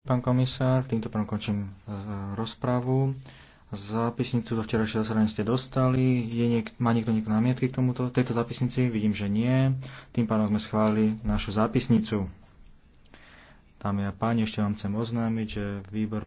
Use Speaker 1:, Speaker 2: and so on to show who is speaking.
Speaker 1: Pán komisár, týmto pánom končím e, rozprávu. Zápisnicu do včerajšieho zasadania ste dostali. Je niek- má niekto niekto námietky k tomuto, tejto zápisnici? Vidím, že nie. Tým pádom sme schválili našu zápisnicu. Tam ja páni, ešte vám chcem
Speaker 2: oznámiť, že výbor